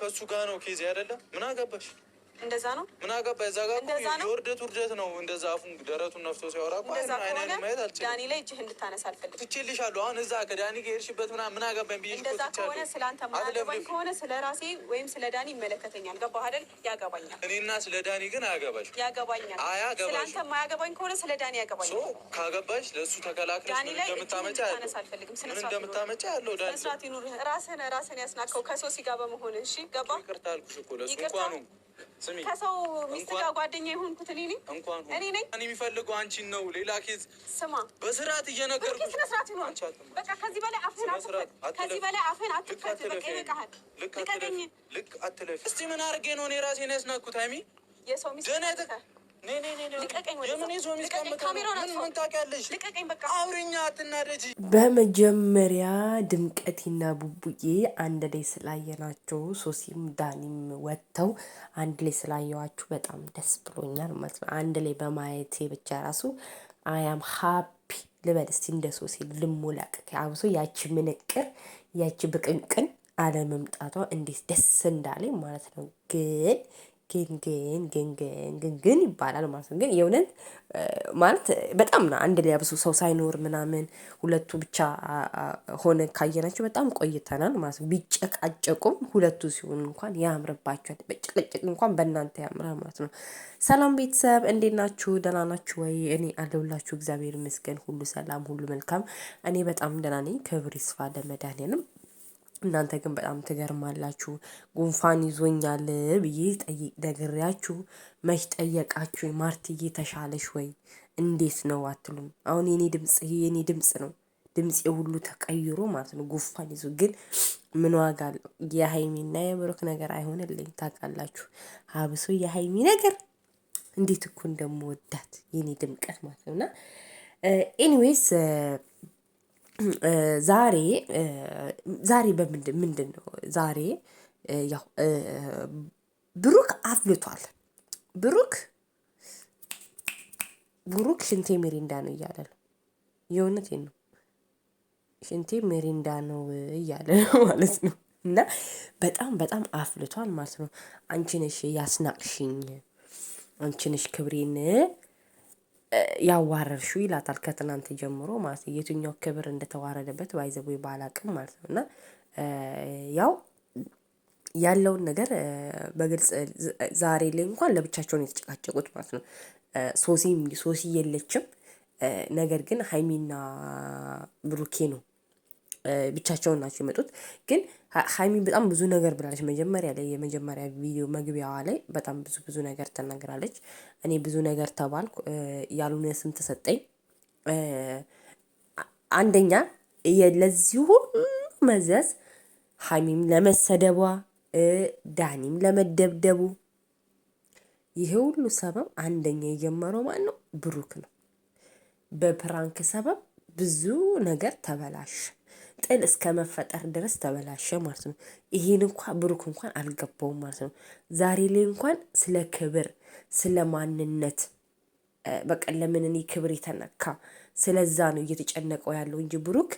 ከሱ ጋር ነው ኬዝ አይደለም ምን አገባሽ እንደዛ ነው። ምን አገባ እዛ ጋር እንደዛ ነው። የውርደት ውርደት ነው። እንደዛ አፉን ደረቱን ነፍቶ ሲያወራ አይናይን ማየት አልችልም። ዳኒ ላይ እጅህ እንድታነሳ አልፈልግም። ትችልሻለሁ። አሁን እዛ ከዳኒ ጋር የሄድሽበት ምናምን ምን አገባኝ ብዬሽ እንደዛ ከሆነ ስለ አንተ የማያገባኝ ከሆነ ስለ ራሴ ወይም ስለ ዳኒ ይመለከተኛል። ገባህ አይደል? ያገባኛል። እኔና ስለ ዳኒ ግን አያገባሽም። ያገባኛል። ስለ አንተ የማያገባኝ ከሆነ ስለ ዳኒ ያገባኛል። ካገባሽ ለእሱ ተከላክለሽ ዳኒ ላይ እንድታነስ አልፈልግም። ስነ ስርዓት ይኑርህ። ራስህን ራስህን ያስናከው ከሶሲ ጋር በመሆን እሺ። ገባህ? ይቅርታ አልኩሽ እኮ ለእሱ እንኳኑ ከሰው ሚስት ጋር ጓደኛ የሆንኩት እኔ ነኝ። እኔ ነኝ። እኔ የሚፈልገው አንቺን ነው። ሌላ ኬዝ ስማ፣ በስርዓት እየነገርኩህ ስነ ስርዓት ይሆናል። በቃ ከዚህ በላይ አፍህን አትክፈት። ከዚህ በላይ አፍህን አትክፈት። በቃ ይበቃሃል። ልክ አትለፊ። እስቲ ምን አድርጌ ነው እኔ ራሴን ያስናኩት? ሀይሚ የሰው ሚስት በመጀመሪያ ድምቀቴና ቡቡዬ አንድ ላይ ስላየናቸው ሶሲም ዳኒም ወጥተው አንድ ላይ ስላየዋችሁ በጣም ደስ ብሎኛል ማለት ነው። አንድ ላይ በማየቴ ብቻ ራሱ አያም ሀፒ ልበል እስቲ እንደ ሶሲ ልሞላቅ አብሶ ያቺ ምንቅር ያቺ ብቅንቅን አለመምጣቷ እንዴት ደስ እንዳለኝ ማለት ነው ግን ግንግን ግንግን ግንግን ይባላል ማለት ነው። ግን የእውነት ማለት በጣም ና አንድ ላይ ብዙ ሰው ሳይኖር ምናምን ሁለቱ ብቻ ሆነ ካየናቸው በጣም ቆይተናል ማለት ነው። ቢጨቃጨቁም ሁለቱ ሲሆን እንኳን ያምርባቸዋል። በጭቅጭቅ እንኳን በእናንተ ያምራል ማለት ነው። ሰላም ቤተሰብ እንዴት ናችሁ? ደህና ናችሁ ወይ? እኔ አለሁላችሁ። እግዚአብሔር ይመስገን፣ ሁሉ ሰላም፣ ሁሉ መልካም። እኔ በጣም ደህና ነኝ። ክብር ይስፋ ለመድኃኔዓለም። እናንተ ግን በጣም ትገርማላችሁ። ጉንፋን ይዞኛል ብዬ ጠይቅ ደግሬያችሁ መች ጠየቃችሁ? ማርትዬ ተሻለሽ ወይ እንዴት ነው አትሉም? አሁን የኔ ድምፅ ይሄ የኔ ድምፅ ነው። ድምፄ ሁሉ ተቀይሮ ማለት ነው። ጉንፋን ይዞ ግን ምን ዋጋ አለው? የሀይሚና የብሩክ ነገር አይሆንልኝ ታውቃላችሁ። ሀብሶ የሀይሚ ነገር እንዴት እኮ እንደምወዳት የኔ ድምቀት ማለት ነው እና ኤኒዌይስ ዛሬ ዛሬ በምንድን ምንድነው? ዛሬ ያው ብሩክ አፍልቷል። ብሩክ ብሩክ ሽንቴ ሜሪንዳ ነው እያለ ነው። የእውነቴን ነው። ሽንቴ ሜሪንዳ ነው እያለ ነው ማለት ነው። እና በጣም በጣም አፍልቷል ማለት ነው። አንቺ ነሽ ያስናቅሽኝ፣ አንቺ ነሽ ክብሬን ያዋረርሹ ይላታል። ከትናንት ጀምሮ ማለት ነው። የትኛው ክብር እንደተዋረደበት ባይዘቦ ባላቅም ማለት ነው። እና ያው ያለውን ነገር በግልጽ ዛሬ ላይ እንኳን ለብቻቸውን የተጨቃጨቁት ማለት ነው። ሶሲ ሶሲ የለችም። ነገር ግን ሀይሚና ብሩኬ ነው ብቻቸውን ናቸው የመጡት። ግን ሀይሚ በጣም ብዙ ነገር ብላለች። መጀመሪያ ላይ የመጀመሪያ ቪዲዮ መግቢያዋ ላይ በጣም ብዙ ብዙ ነገር ተናግራለች። እኔ ብዙ ነገር ተባልኩ፣ ያልሆነ ስም ተሰጠኝ። አንደኛ ለዚህ ሁሉ መዘዝ ሀይሚም ለመሰደቧ ዳኒም ለመደብደቡ ይሄ ሁሉ ሰበብ አንደኛ የጀመረው ማን ነው? ብሩክ ነው። በፕራንክ ሰበብ ብዙ ነገር ተበላሽ። ጥል እስከ መፈጠር ድረስ ተበላሸ ማለት ነው። ይሄን እንኳ ብሩክ እንኳን አልገባውም ማለት ነው። ዛሬ ላይ እንኳን ስለ ክብር፣ ስለ ማንነት በቃ ለምን እኔ ክብር የተነካ ስለዛ ነው እየተጨነቀው ያለው እንጂ ብሩክ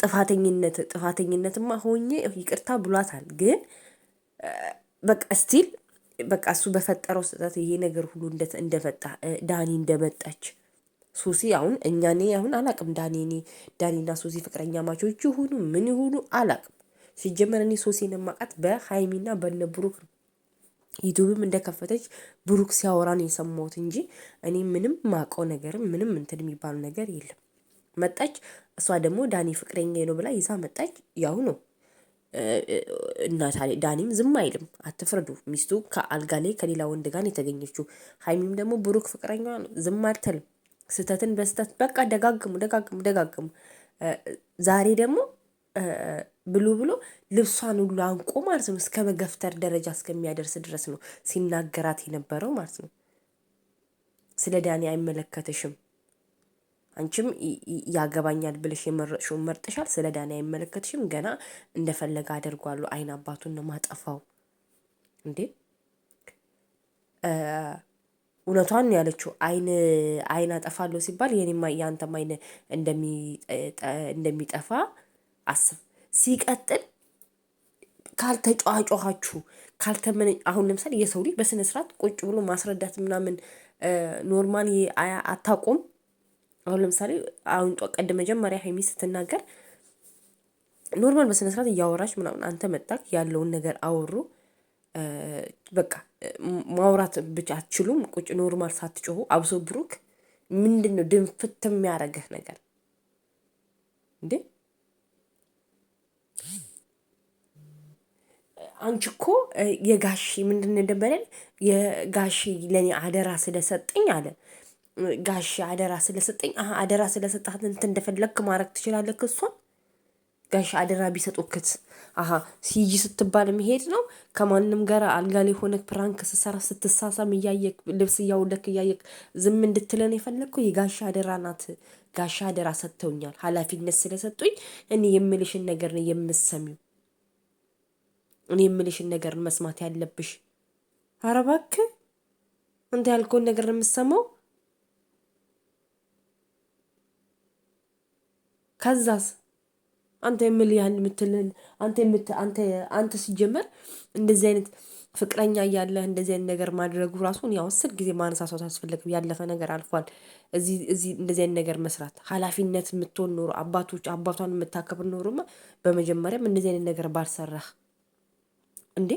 ጥፋተኝነት ጥፋተኝነትማ ሆኜ ይቅርታ ብሏታል። ግን በቃ ስቲል በቃ እሱ በፈጠረው ስጠት ይሄ ነገር ሁሉ እንደፈጣ ዳኒ እንደመጣች ሱሲ አሁን እኛ እኔ አሁን አላቅም ዳኒ እኔ ዳኒና ሱሲ ፍቅረኛ ማቾች ይሁኑ ምን ይሁኑ አላቅም። ሲጀመር እኔ ሱሲን ማቃት በሀይሚና በነ ብሩክ ነው። ዩቱብም እንደከፈተች ብሩክ ሲያወራን የሰማሁት እንጂ እኔ ምንም ማቀው ነገር ምንም እንትን የሚባል ነገር የለም። መጣች እሷ ደግሞ ዳኒ ፍቅረኛ ነው ብላ ይዛ መጣች። ያው ነው እና ዳኒም ዝም አይልም። አትፍረዱ። ሚስቱ ከአልጋ ላይ ከሌላ ወንድ ጋር የተገኘችው ሀይሚም ደግሞ ብሩክ ፍቅረኛ ነው፣ ዝም አትልም። ስህተትን በስህተት በቃ ደጋግሙ ደጋግሙ ደጋግሙ። ዛሬ ደግሞ ብሎ ብሎ ልብሷን ሁሉ አንቆ ማለት ነው እስከ መገፍተር ደረጃ እስከሚያደርስ ድረስ ነው ሲናገራት የነበረው ማለት ነው። ስለ ዳኒ አይመለከትሽም፣ አንቺም ያገባኛል ብለሽ የመረጥሽውን መርጥሻል። ስለ ዳኒ አይመለከትሽም፣ ገና እንደፈለገ አደርጓሉ አይን አባቱን ነው ማጠፋው እንዴ እውነቷን ያለችው አይን አይን አጠፋለሁ ሲባል የኔም የአንተም አይን እንደሚጠፋ አስብ። ሲቀጥል ካልተጫዋጫኋችሁ ካልተመነ አሁን ለምሳሌ የሰው ልጅ በስነ ስርዓት ቁጭ ብሎ ማስረዳት ምናምን ኖርማል አታቆም። አሁን ለምሳሌ አሁን ቀድ መጀመሪያ ሀይሚ ስትናገር ኖርማል በስነ ስርዓት እያወራች ምናምን አንተ መጣክ ያለውን ነገር አወሩ በቃ ማውራት ብቻ አትችሉም። ቁጭ ኖርማል ሳትጮሁ። አብሶ ብሩክ ምንድን ነው ድንፍት የሚያደርግህ ነገር እንዴ? አንቺ እኮ የጋሺ ምንድን እንደበለል የጋሺ ለእኔ አደራ ስለሰጠኝ አለ ጋሺ አደራ ስለሰጠኝ አደራ ስለሰጣት እንትን እንደፈለግክ ማድረግ ትችላለክ እሷ ጋሽ አደራ ቢሰጡክት አሀ ሲጂ ስትባል መሄድ ነው። ከማንም ጋር አልጋ ላይ ሆነ ፕራንክ ስሰራ ስትሳሳም እያየክ ልብስ እያውለክ እያየክ ዝም እንድትለን የፈለግኩ የጋሽ አደራ ናት። ጋሽ አደራ ሰጥተውኛል። ኃላፊነት ስለሰጡኝ እኔ የምልሽን ነገር ነው የምሰሚው። እኔ የምልሽን ነገር መስማት ያለብሽ። ኧረ እባክህ አንተ ያልከውን ነገር የምሰማው ከዛስ አንተ የምል ያህል የምትልን አንተ የምት አንተ አንተ ሲጀመር እንደዚህ አይነት ፍቅረኛ እያለህ እንደዚህ አይነት ነገር ማድረጉ ራሱን ያው አስር ጊዜ ማነሳሳት አስፈለግም። ያለፈ ነገር አልፏል። እዚህ እዚህ እንደዚህ አይነት ነገር መስራት ኃላፊነት የምትሆን ኖሮ አባቶች አባቷን የምታከብር ኖሮማ በመጀመሪያም እንደዚህ አይነት ነገር ባልሰራህ እንዴ።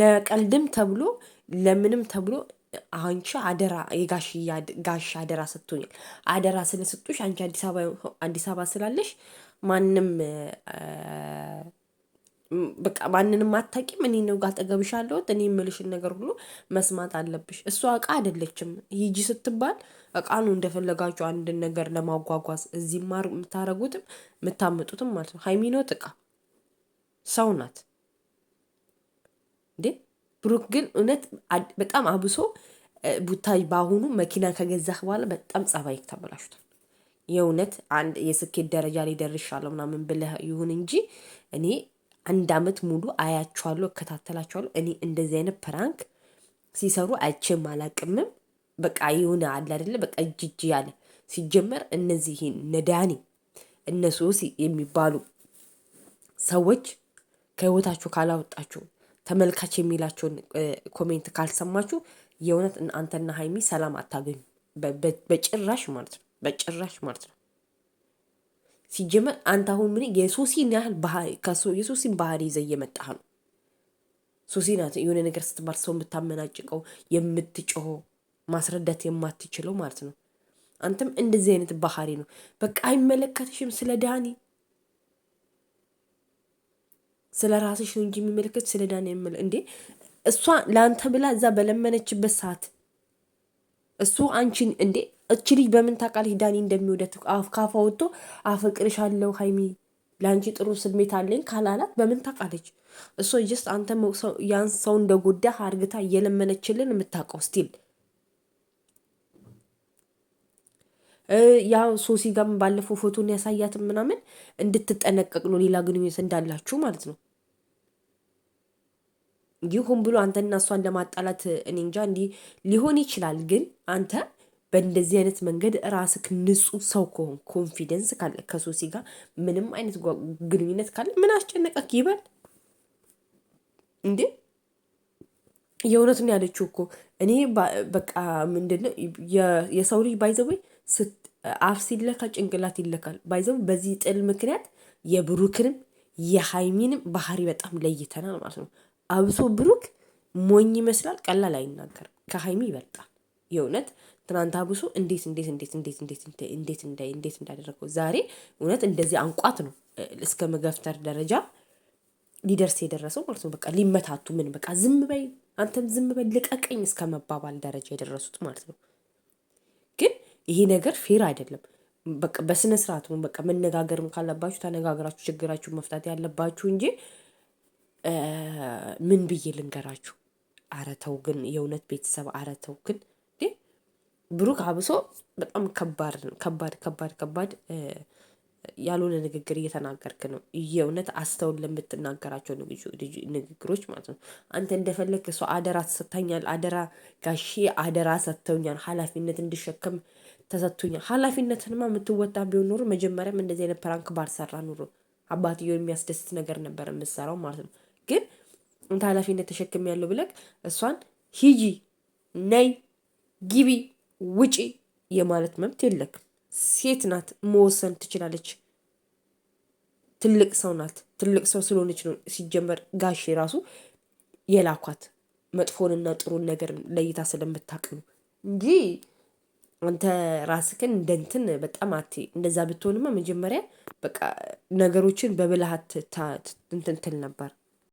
ለቀልድም ተብሎ ለምንም ተብሎ አንቺ አደራ የጋሽ ጋሽ አደራ ሰጥቶኛል። አደራ ስለሰጡሽ አንቺ አዲስ አበባ አዲስ አበባ ስላለሽ ማንም በቃ ማንንም አታውቂም። እኔ ነው ጋር አጠገብሽ አለሁት። እኔ የምልሽን ነገር ሁሉ መስማት አለብሽ። እሷ እቃ አይደለችም። ሂጂ ስትባል እቃ ነው እንደፈለጋችሁ አንድን ነገር ለማጓጓዝ እዚህ ማር የምታረጉትም የምታመጡትም ማለት ነው። ሀይሚኖት እቃ ሰው ናት እንዴ? ብሩክ ግን እውነት በጣም አብሶ ቡታይ በአሁኑ መኪና ከገዛህ በኋላ በጣም ጸባይ ተበላሽቷል። የእውነት አንድ የስኬት ደረጃ ላይ ደርሻለሁ ምናምን ብለህ ይሁን እንጂ እኔ አንድ አመት ሙሉ አያቸዋለሁ፣ እከታተላቸዋለሁ። እኔ እንደዚህ አይነት ፕራንክ ሲሰሩ አይቼም አላቅምም። በቃ ይሁን አለ አይደለ በቃ እጅ ያለ ሲጀመር እነዚህ ነዳኒ እነሱ የሚባሉ ሰዎች ከህይወታችሁ ካላወጣችሁ ተመልካች የሚላቸውን ኮሜንት ካልሰማችሁ የእውነት አንተና ሀይሚ ሰላም አታገኙ በጭራሽ ማለት ነው። በጭራሽ ማለት ነው። ሲጀመር አንተ አሁን ምን የሶሲን ያህል ባህሪ የሶሲን ባህሪ ይዘ እየመጣህ ነው። ሶሲ ናት የሆነ ነገር ስትባል ሰው የምታመናጭቀው የምትጮሆ ማስረዳት የማትችለው ማለት ነው። አንተም እንደዚህ አይነት ባህሪ ነው። በቃ አይመለከትሽም። ስለ ዳኒ ስለ ራስሽ ነው እንጂ የሚመለከት ስለ ዳኒ የሚመለ እንዴ እሷ ለአንተ ብላ እዛ በለመነችበት ሰዓት እሱ አንቺን እንዴ እች ልጅ በምን ታውቃለች ዳኒ እንደሚወደት? ካፋ ወጥቶ አፈቅርሻለሁ ሀይሚ ለአንቺ ጥሩ ስሜት አለኝ ካላላት በምን ታውቃለች? እሷ ጀስት አንተ ያን ሰው እንደ እንደጎዳ አርግታ እየለመነችልን የምታውቀው ስቲል ያ ሶሲ ጋም ባለፈው ፎቶን ያሳያትም ምናምን እንድትጠነቀቅ ነው። ሌላ ግንኙነት እንዳላችሁ ማለት ነው። ይሁን ብሎ አንተና እሷን ለማጣላት እኔ እንጃ እንዲህ ሊሆን ይችላል። ግን አንተ በእንደዚህ አይነት መንገድ ራስክ ንጹህ ሰው ከሆን ኮንፊደንስ ካለ ከሶሲ ጋር ምንም አይነት ግንኙነት ካለ ምን አስጨነቀክ ይበል እንዴ። የእውነቱን ያለችው እኮ እኔ በቃ ምንድነው የሰው ልጅ ባይዘወይ አፍ ሲለካ ጭንቅላት ይለካል። ባይዘው በዚህ ጥል ምክንያት የብሩክንም የሀይሚንም ባህሪ በጣም ለይተናል ማለት ነው። አብሶ ብሩክ ሞኝ ይመስላል፣ ቀላል አይናገርም፣ ከሀይሚ ይበልጣል የእውነት ትናንት አብሶ እንዴት እንዴት እንዴት እንዴት እንዴት እንዴት እንዴት እንዳደረገው ዛሬ እውነት እንደዚህ አንቋት ነው እስከ መገፍተር ደረጃ ሊደርስ የደረሰው ማለት ነው። በቃ ሊመታቱ ምን በቃ ዝም በይ አንተም ዝም በይ ልቀቀኝ እስከ መባባል ደረጃ የደረሱት ማለት ነው። ግን ይሄ ነገር ፌር አይደለም። በቃ በስነ ስርዓቱ በቃ መነጋገርም ካለባችሁ ተነጋግራችሁ ችግራችሁ መፍታት ያለባችሁ እንጂ ምን ብዬ ልንገራችሁ? አረተው ግን የእውነት ቤተሰብ አረተው ግን ብሩክ አብሶ በጣም ከባድ ነው። ከባድ ከባድ ከባድ ያልሆነ ንግግር እየተናገርክ ነው። የእውነት አስተውል ለምትናገራቸው ንግግሮች ማለት ነው። አንተ እንደፈለግ እሷ አደራ ተሰጥታኛል፣ አደራ ጋሼ አደራ ሰጥተውኛል፣ ኃላፊነት እንድሸከም ተሰጥቶኛል። ኃላፊነትንማ የምትወጣ ቢሆን ኖሮ መጀመሪያም እንደዚህ አይነት ፕራንክ ባልሰራ ኑሮ አባትየው የሚያስደስት ነገር ነበር የምትሰራው ማለት ነው። ግን እንተ ኃላፊነት ተሸክም ያለው ብለቅ እሷን ሂጂ፣ ነይ፣ ጊቢ። ውጪ የማለት መብት የለክም። ሴት ናት፣ መወሰን ትችላለች። ትልቅ ሰው ናት። ትልቅ ሰው ስለሆነች ነው ሲጀመር ጋሼ ራሱ የላኳት መጥፎንና ጥሩን ነገር ለይታ ስለምታውቅ ነው እንጂ አንተ ራስክን እንደንትን በጣም አቴ እንደዛ ብትሆንማ መጀመሪያ በቃ ነገሮችን በብልሃት እንትን ትል ነበር።